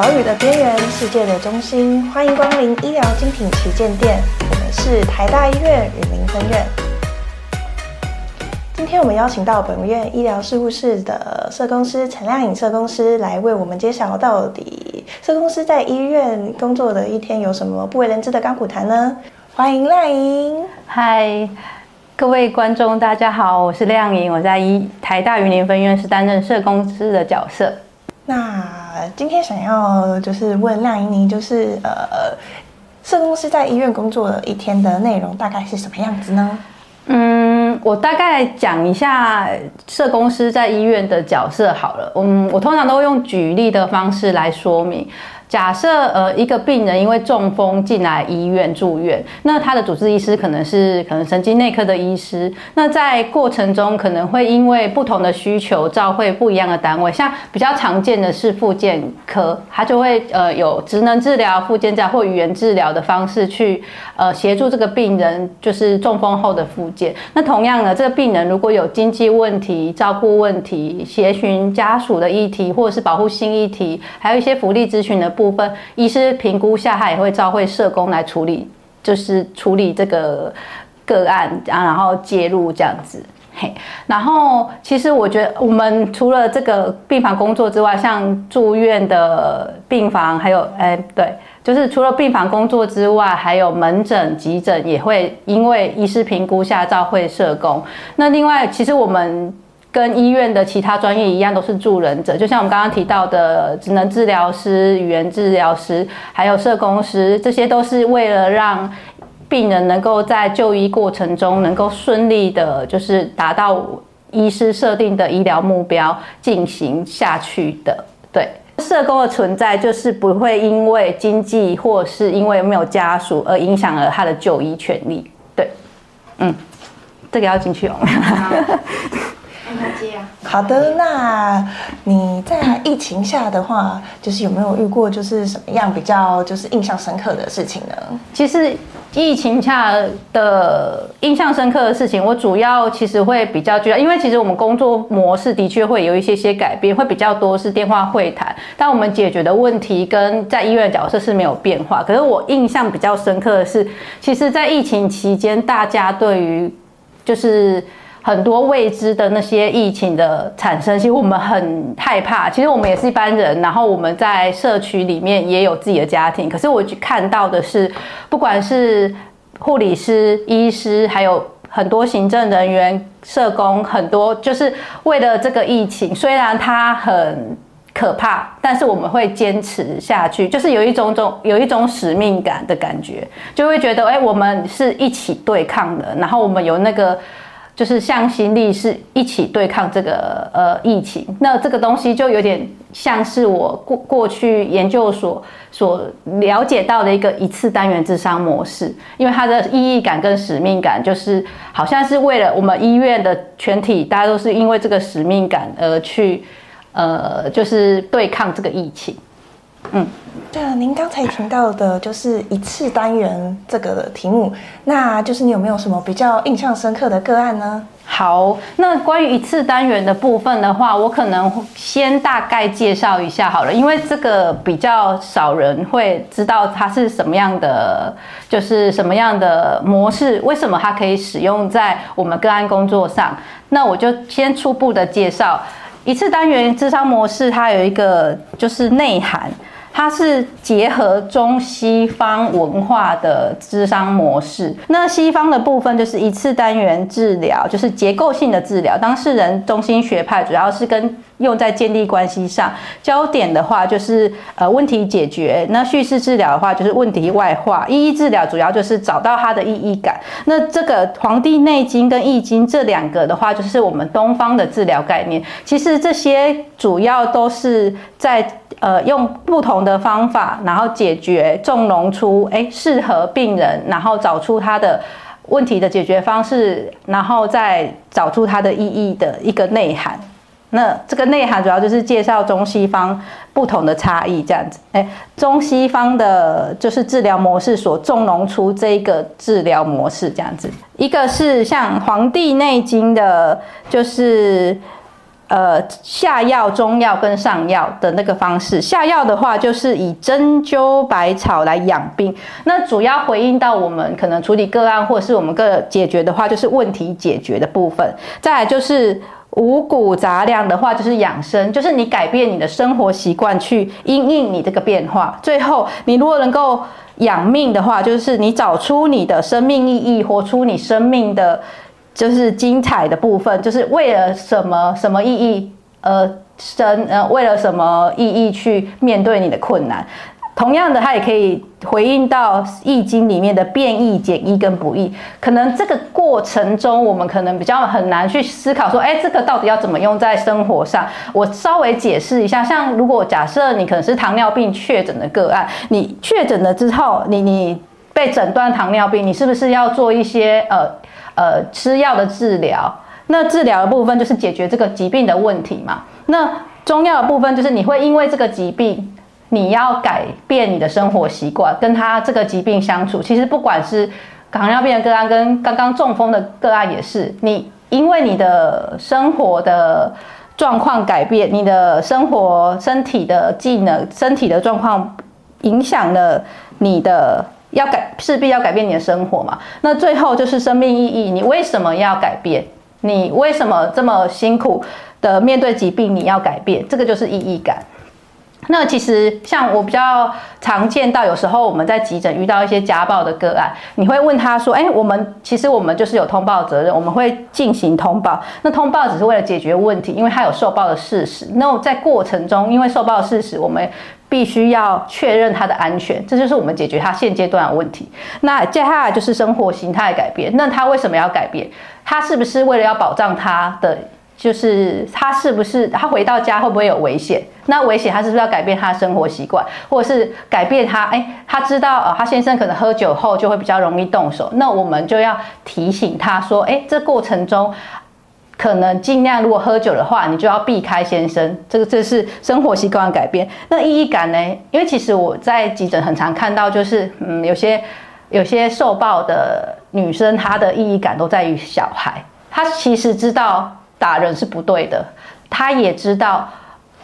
島嶼的邊緣，世界的中心，歡迎光臨醫療精品旗艦店。我們是台大醫院雲林分院。今天我們邀請到本院醫療事務室的社工師陳亮螢社工師來為我們揭曉，到底社工師在醫院工作的一天有什麼不為人知的甘苦談呢？歡迎亮螢。嗨，各位觀眾，大家好，我是亮螢，我在醫台大雲林分院是擔任社工師的角色。那今天想要就是問亮螢螢，就是呃，社工師在醫院工作的一天的內容大概是什麼樣子呢？嗯，我大概講一下社工師在醫院的角色好了。嗯，我通常都會用舉例的方式來說明。假設呃一個病人因為中風進來醫院住院，那他的主治醫師可能是可能神經內科的醫師。那在過程中可能會因為不同的需求，照會不一樣的單位。像比較常見的是復健科，他就會呃有職能治療、復健在或語言治療的方式去呃協助這個病人，就是中風後的復健。那同樣呢，這個病人如果有經濟問題、照顧問題、協尋家屬的議題，或者是保護性議題，還有一些福利諮詢的部分醫師評估下，他也會照會社工來處理，就是處理這個個案，啊、然後介入這樣子。嘿，然後其實我覺得，我們除了這個病房工作之外，像住院的病房，還有哎、欸，對，就是除了病房工作之外，還有門診、急診也會因為醫師評估下照會社工。那另外，其實我們。跟醫院的其他專業一樣，都是助人者。就像我們剛剛提到的，職能治療師、語言治療師，還有社工師，這些都是為了讓病人能夠在就醫過程中能夠順利的，就是達到醫師設定的醫療目標進行下去的。對，社工的存在就是不會因為經濟或是因為沒有家屬而影響了他的就醫權利。對，嗯，這個要進去哦。 好的，那你在疫情下的話，就是有沒有遇過就是什麼樣比較就是印象深刻的事情呢？其實疫情下的印象深刻的事情，我主要其實會比較主要，因為其實我們工作模式的確會有一些些改變，會比較多是電話會談，但我們解決的問題跟在醫院的角色是沒有變化。可是我印象比較深刻的是，其實，在疫情期間，大家對於就是。很多未知的那些疫情的產生，其實我們很害怕。其實我們也是一般人，然後我們在社區裡面也有自己的家庭。可是我看到的是，不管是護理師、醫師，還有很多行政人員、社工，很多就是為了這個疫情。雖然它很可怕，但是我們會堅持下去，就是有一種種有一種使命感的感覺，就會覺得哎、欸，我們是一起對抗的。然後我們有那個。就是向心力是一起對抗這個呃疫情，那這個東西就有點像是我過過去研究所所了解到的一個一次單元諮商模式，因為它的意義感跟使命感，就是好像是為了我們醫院的全體，大家都是因為這個使命感而去，呃，就是對抗這個疫情。嗯，對了，您剛才提到的就是一次單元這個題目，那就是你有沒有什麼比較印象深刻的個案呢？好，那關於一次單元的部分的話，我可能先大概介紹一下好了，因為這個比較少人會知道它是什麼樣的，就是什麼樣的模式，為什麼它可以使用在我們個案工作上。那我就先初步的介紹一次單元諮商模式，它有一個就是內涵。它是結合中西方文化的諮商模式，那西方的部分就是一次單元治療，就是結構性的治療，當事人中心學派主要是跟用在建立關係上。焦點的話就是呃問題解決。那敘事治療的話就是問題外化。意義治療主要就是找到它的意義感。那這個《黃帝內經》跟《易經》這兩個的話，就是我們東方的治療概念。其實這些主要都是在。呃，用不同的方法，然後解決，縱容出，哎，適合病人，然後找出他的問題的解決方式，然後再找出他的意義的一個內涵。那這個內涵主要就是介紹中西方不同的差異，這樣子，哎，中西方的就是治療模式所縱容出這個治療模式，這樣子，一個是像《黃帝內經》的，就是。呃，下藥、中藥跟上藥的那個方式，下藥的話就是以針灸、百草來養病。那主要回應到我們可能處理個案或是我們個解決的話，就是問題解決的部分。再來就是五穀雜糧的話，就是養生，就是你改變你的生活習慣去因應你這個變化。最後，你如果能夠養命的話，就是你找出你的生命意義，活出你生命的。就是精彩的部分，就是為了什麼什麼意義，呃，生，呃，為了什麼意義去面對你的困難。同樣的，它也可以回應到《易經》裡面的變易、簡易跟不易。可能這個過程中，我們可能比較很難去思考說，哎，這個到底要怎麼用在生活上？我稍微解釋一下，像如果假設你可能是糖尿病確診的個案，你確診了之後，你你被診斷糖尿病，你是不是要做一些呃？呃，吃藥的治療，那治療的部分就是解決這個疾病的問題嘛。那中藥的部分就是你會因為這個疾病，你要改變你的生活習慣，跟他這個疾病相處。其實不管是糖尿病的個案，跟剛剛中風的個案也是，你因為你的生活的狀況改變，你的生活、身體的技能、身體的狀況影響了你的。要改勢必要改變你的生活嘛？那最後就是生命意義，你為什麼要改變？你為什麼這麼辛苦的面對疾病？你要改變，這個就是意義感。那其實像我比較常見到，有時候我們在急診遇到一些家暴的個案，你會問他說：“哎、欸，我們其實我們就是有通報責任，我們會進行通報。那通報只是為了解決問題，因為他有受暴的事實。那我在過程中，因為受暴的事實，我們。”必須要確認他的安全，這就是我們解決他現階段的問題。那接下來就是生活形態改變。那他為什麼要改變？他是不是為了要保障他的？就是他是不是他回到家會不會有危險？那危險他是不是要改變他的生活習慣，或者是改變他？誒、欸，他知道哦、呃，他先生可能喝酒後就會比較容易動手。那我們就要提醒他說，誒、欸，這過程中。可能盡量，如果喝酒的話，你就要避開先生。這個這是生活習慣的改變。那意義感呢？因為其實我在急診很常看到，就是嗯，有些有些受暴的女生，她的意義感都在於小孩。她其實知道打人是不對的，她也知道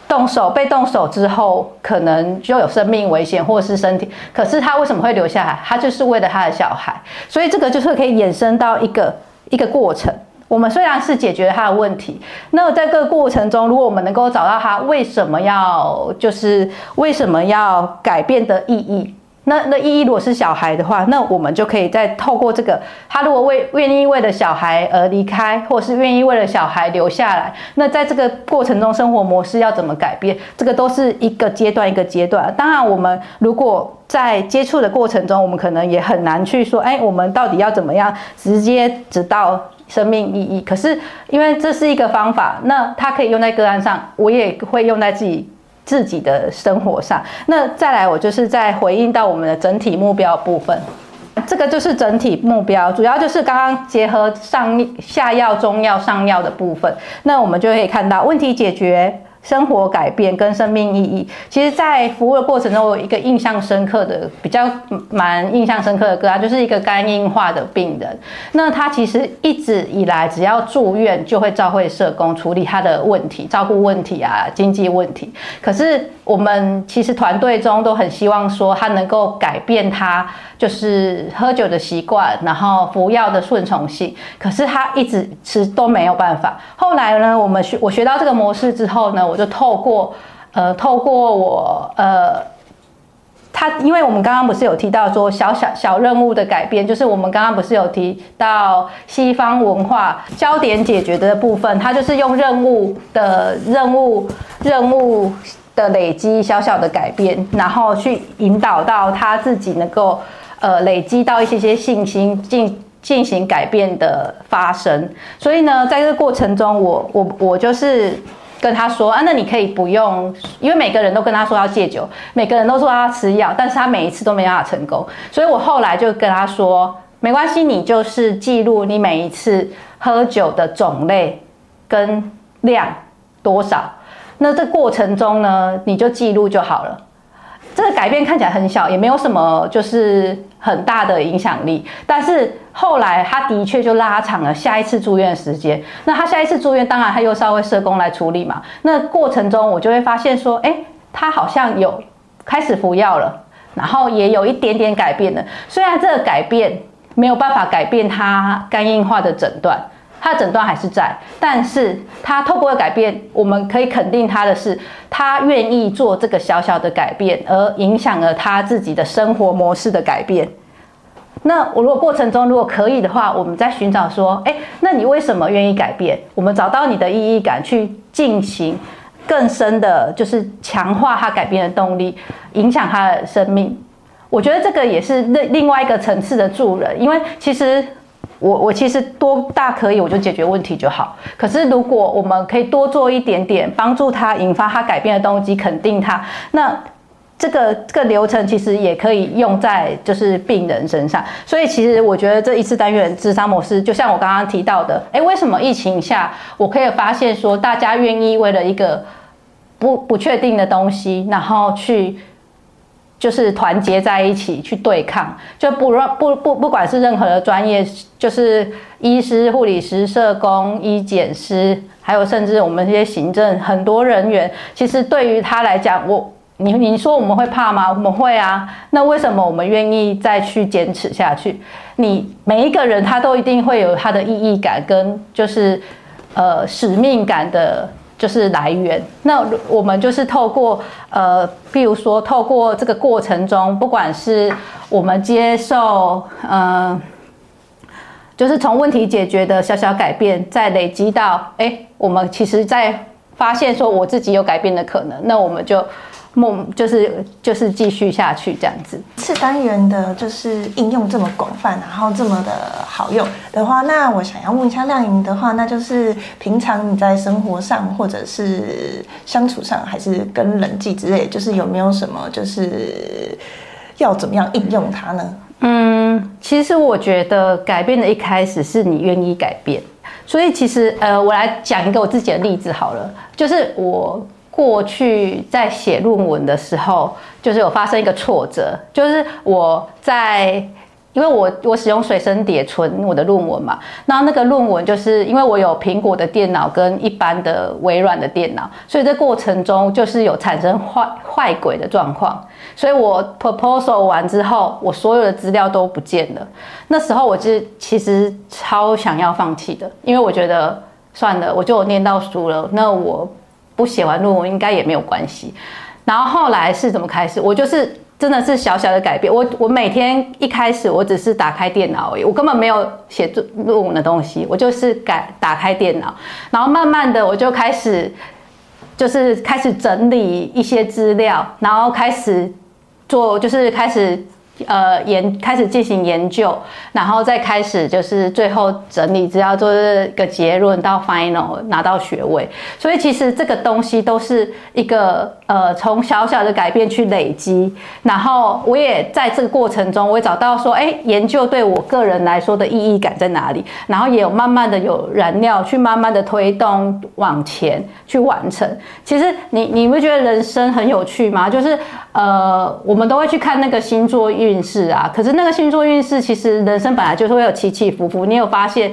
動手被動手之後，可能就有生命危險或是身體。可是她為什麼會留下來？她就是為了她的小孩。所以這個就是可以衍生到一個一個過程。我們雖然是解決他的問題，那在各個過程中，如果我們能夠找到他為什麼要，就是為什麼要改變的意義，那那意義如果是小孩的話，那我們就可以再透過這個，他如果為願意為了小孩而離開，或是願意為了小孩留下來，那在這個過程中，生活模式要怎麼改變，這個都是一個階段一個階段。當然，我們如果在接觸的過程中，我們可能也很難去說，哎、欸，我們到底要怎麼樣，直接直到。生命意義，可是因為這是一個方法，那它可以用在個案上，我也會用在自己自己的生活上。那再來，我就是再回應到我們的整體目標部分，這個就是整體目標，主要就是剛剛結合上下藥、中藥、上藥的部分。那我們就可以看到問題解決。生活改變跟生命意義，其實在服務的過程中，有一個印象深刻的、比較蠻印象深刻的個案，就是一個肝硬化的病人。那他其實一直以來，只要住院就會照會社工處理他的問題、照顧問題啊、經濟問題。可是我們其實團隊中都很希望說，他能夠改變他就是喝酒的習慣，然後服藥的順從性。可是他一直吃都沒有辦法。後來呢，我們學我學到這個模式之後呢，我。就透過，呃，透過我，呃，他，因為我們剛剛不是有提到說小小小任務的改變，就是我們剛剛不是有提到西方文化焦點解決的部分，他就是用任務的任務任務的累積小小的改變，然後去引導到他自己能夠，呃，累積到一些些信心，進進行改變的發生。所以呢，在這個過程中我，我我我就是。跟他說啊，那你可以不用，因為每個人都跟他說要戒酒，每個人都說要吃藥，但是他每一次都沒辦法成功，所以我後來就跟他說，沒關係，你就是記錄你每一次喝酒的種類跟量多少，那這過程中呢，你就記錄就好了。這個改變看起來很小，也沒有什麼，就是很大的影響力，但是後來，他的確就拉長了下一次住院的時間。那他下一次住院，當然他又稍微社工來處理嘛。那過程中，我就會發現說，哎，他好像有開始服藥了，然後也有一點點改變了。雖然這個改變沒有辦法改變他肝硬化的診斷。他的診斷還是在，但是他透過改變，我們可以肯定他的是，他願意做這個小小的改變，而影響了他自己的生活模式的改變。那我如果過程中如果可以的話，我們在尋找說，誒、欸，那你為什麼願意改變？我們找到你的意義感，去進行更深的，就是強化他改變的動力，影響他的生命。我覺得這個也是另另外一個層次的助人，因為其實。我我其實多大可以我就解決問題就好，可是如果我們可以多做一點點，幫助他引發他改變的東西，肯定他。那這個這個流程其實也可以用在就是病人身上。所以其實我覺得這一次單元諮商模式，就像我剛剛提到的，誒，為什麼疫情下我可以發現說，大家願意為了一個不不確定的東西，然後去。就是團結在一起去對抗，就不讓不不，不管是任何的專業，就是醫師、護理師、社工、醫檢師，還有甚至我們這些行政很多人員，其實對於他來講，我你你說我們會怕嗎？我們會啊，那為什麼我們願意再去堅持下去？你每一個人他都一定會有他的意義感跟就是，呃使命感的。就是來源，那我們就是透過呃，譬如說，透過這個過程中，不管是我們接受，嗯、呃，就是從問題解決的小小改變，再累積到，哎、欸，我們其實在發現說我自己有改變的可能，那我們就。夢就是就是繼續下去這樣子。四單元的就是應用這麼廣泛，然後這麼的好用的話，那我想要問一下亮螢的話，那就是平常你在生活上或者是相處上，還是跟人際之類，就是有沒有什麼就是要怎麼樣應用它呢？嗯，其實我覺得改變的一開始是你願意改變，所以其實呃，我來講一個我自己的例子好了，就是我。過去在寫論文的時候，就是有發生一個挫折，就是我在，因為我我使用隨身碟存我的論文嘛，那那個論文就是因為我有蘋果的電腦跟一般的微軟的電腦，所以這過程中就是有產生壞壞軌的狀況，所以我 proposal 完之後，我所有的資料都不見了。那時候我就其實超想要放棄的，因為我覺得算了，我就念到書了，那我。不寫完論文應該也沒有關係，然後後來是怎麼開始？我就是真的是小小的改變，我我每天一開始我只是打開電腦而已，我根本沒有寫作論文的東西，我就是改打開電腦，然後慢慢的我就開始就是開始整理一些資料，然後開始做就是開始。呃，研開始進行研究，然後再開始就是最後整理，只要做一個結論到 final 拿到學位。所以其實這個東西都是一個呃，從小小的改變去累積，然後我也在這個過程中，我也找到說，哎、欸，研究對我個人來說的意義感在哪裡？然後也有慢慢的有燃料去慢慢的推動往前去完成。其實你你不覺得人生很有趣嗎？就是呃，我們都會去看那個星座運勢啊，可是那個星座運勢其實人生本來就是會有起起伏伏，你有發現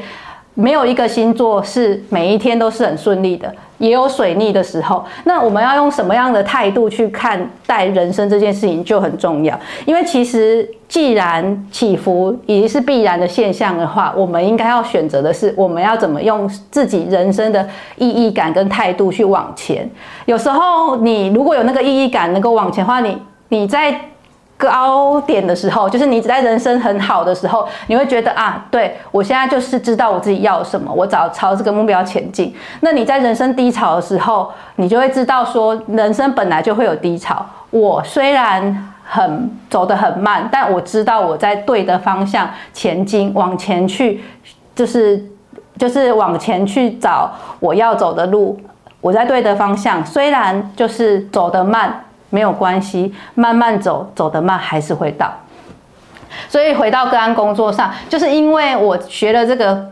沒有一個星座是每一天都是很順利的，也有水逆的時候。那我們要用什麼樣的態度去看待人生這件事情就很重要。因為其實既然起伏已經是必然的現象的話，我們應該要選擇的是我們要怎麼用自己人生的意義感跟態度去往前。有時候你如果有那個意義感能夠往前的話，你你在。高點的時候，就是你在人生很好的時候，你會覺得啊，對我現在就是知道我自己要什麼，我找朝這個目標前進。那你在人生低潮的時候，你就會知道說，人生本來就會有低潮。我雖然很走得很慢，但我知道我在對的方向前進，往前去，就是就是往前去找我要走的路。我在對的方向，雖然就是走得慢。沒有關係，慢慢走，走得慢還是會到。所以回到個案工作上，就是因為我學了這個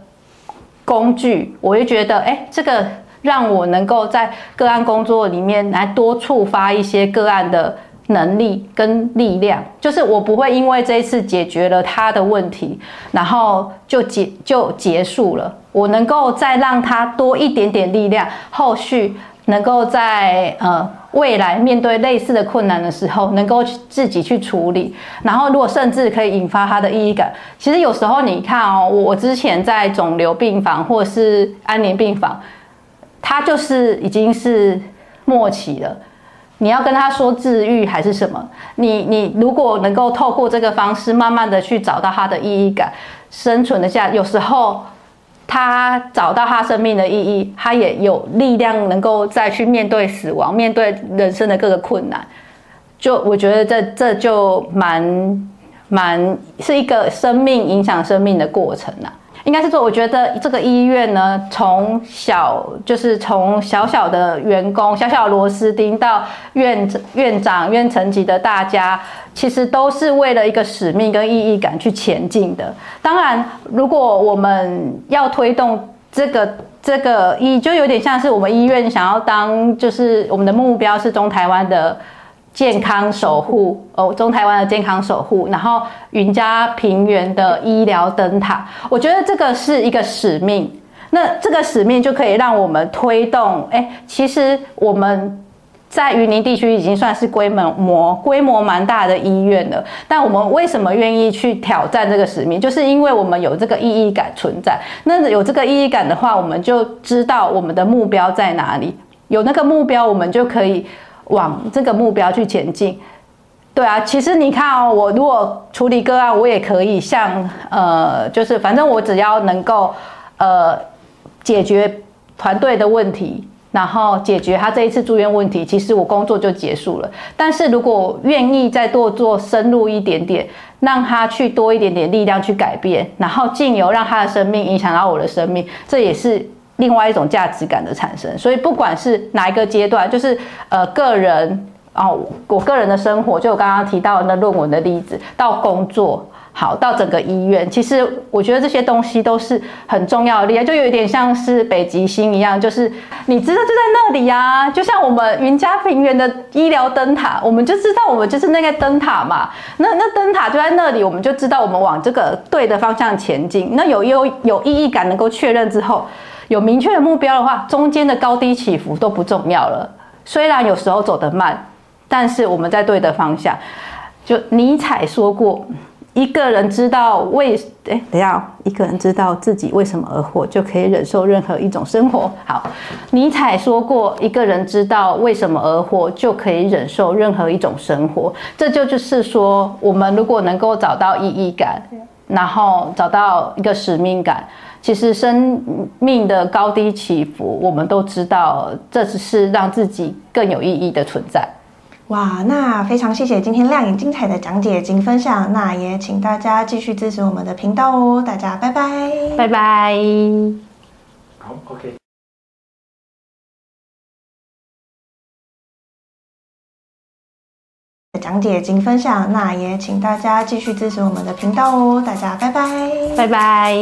工具，我就覺得，誒、欸，這個讓我能夠在個案工作裡面來多觸發一些個案的能力跟力量。就是我不會因為這一次解決了他的問題，然後就結就結束了。我能夠再讓他多一點點力量，後續能夠再呃。未來面對類似的困難的時候，能夠去自己去處理，然後如果甚至可以引發他的意義感。其實有時候你看哦，我之前在腫瘤病房或是安寧病房，他就是已經是末期了，你要跟他說治愈還是什麼？你你如果能夠透過這個方式，慢慢的去找到他的意義感，生存的下，有時候。他找到他生命的意義，他也有力量能夠再去面對死亡，面對人生的各個困難。就我覺得這這就蠻蠻是一個生命影響生命的過程吶、啊。應該是說，我覺得這個醫院呢，從小就是從小小的員工、小小螺絲釘，到院長、院長、院層級的大家，其實都是為了一個使命跟意義感去前進的。當然，如果我們要推動這個這個醫，就有點像是我們醫院想要當，就是我們的目標是中台灣的。健康守護哦，中台灣的健康守護，然後雲嘉平原的醫療燈塔，我覺得這個是一個使命。那這個使命就可以讓我們推動。誒、欸，其實我們在雲林地區已經算是規模規模蠻大的醫院了，但我們為什麼願意去挑戰這個使命？就是因為我們有這個意義感存在。那有這個意義感的話，我們就知道我們的目標在哪裡。有那個目標，我們就可以。往這個目標去前進，對啊，其實你看哦、喔，我如果處理個案，我也可以像呃，就是反正我只要能夠呃解決團隊的問題，然後解決他這一次住院問題，其實我工作就結束了。但是如果願意再多做深入一點點，讓他去多一點點力量去改變，然後進而讓他的生命影響到我的生命，這也是。另外一種價值感的產生，所以不管是哪一個階段，就是呃個人哦，我個人的生活，就我剛剛提到的論文的例子，到工作，好，到整個醫院，其實我覺得這些東西都是很重要的力量，就有一點像是北極星一樣，就是你知道就在那裡啊，就像我們雲嘉平原的醫療燈塔，我們就知道我們就是那個燈塔嘛，那那燈塔就在那裡，我們就知道我們往這個對的方向前進，那有有有意義感能夠確認之後，有明確的目標的話，中間的高低起伏都不重要了。雖然有時候走得慢，但是我們在對的方向。就尼采說過，一個人知道為，欸，等一下喔，一個人知道自己為什麼而活，就可以忍受任何一種生活。好，尼采說過，一個人知道為什麼而活，就可以忍受任何一種生活。這就就是說，我們如果能夠找到意義感，然後找到一個使命感。其實生命的高低起伏，我們都知道，這只是讓自己更有意義的存在。哇，那非常謝謝今天亮螢精彩的講解及分享。那也請大家繼續支持我們的頻道哦，大家拜拜，拜拜。好，oh，OK。講解及分享，那也請大家繼續支持我們的頻道哦，大家拜拜，拜拜。